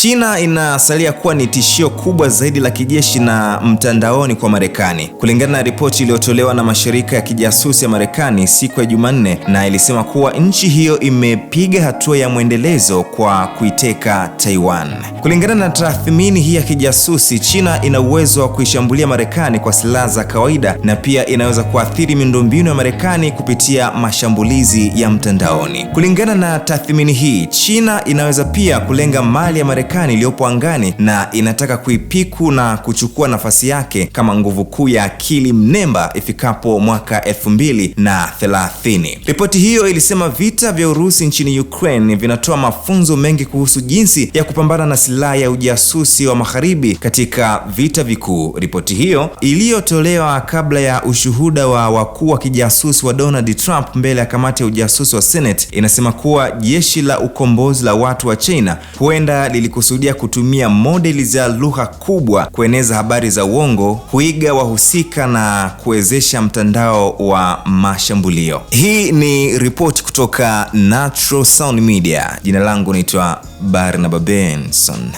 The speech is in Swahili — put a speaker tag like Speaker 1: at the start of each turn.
Speaker 1: China inasalia kuwa ni tishio kubwa zaidi la kijeshi na mtandaoni kwa Marekani, kulingana na ripoti iliyotolewa na mashirika ya kijasusi ya Marekani siku ya Jumanne, na ilisema kuwa nchi hiyo imepiga hatua ya mwendelezo kwa kuiteka Taiwan. Kulingana na tathmini hii ya kijasusi, China ina uwezo wa kuishambulia Marekani kwa silaha za kawaida na pia inaweza kuathiri miundombinu ya Marekani kupitia mashambulizi ya mtandaoni. Kulingana na tathmini hii, China inaweza pia kulenga mali ya Marekani Marekani iliyopo angani na inataka kuipiku na kuchukua nafasi yake kama nguvu kuu ya akili mnemba ifikapo mwaka elfu mbili na thelathini. Ripoti hiyo ilisema vita vya Urusi nchini Ukraine vinatoa mafunzo mengi kuhusu jinsi ya kupambana na silaha ya ujasusi wa magharibi katika vita vikuu. Ripoti hiyo iliyotolewa kabla ya ushuhuda wa wakuu wa kijasusi wa Donald Trump mbele ya kamati ya ujasusi wa Senate inasema kuwa jeshi la ukombozi la watu wa China huenda lilikuwa ikikusudia kutumia modeli za lugha kubwa kueneza habari za uongo, kuiga wahusika na kuwezesha mtandao wa mashambulio. Hii ni ripoti kutoka Natural Sound Media. Jina langu naitwa Barnaba Benson.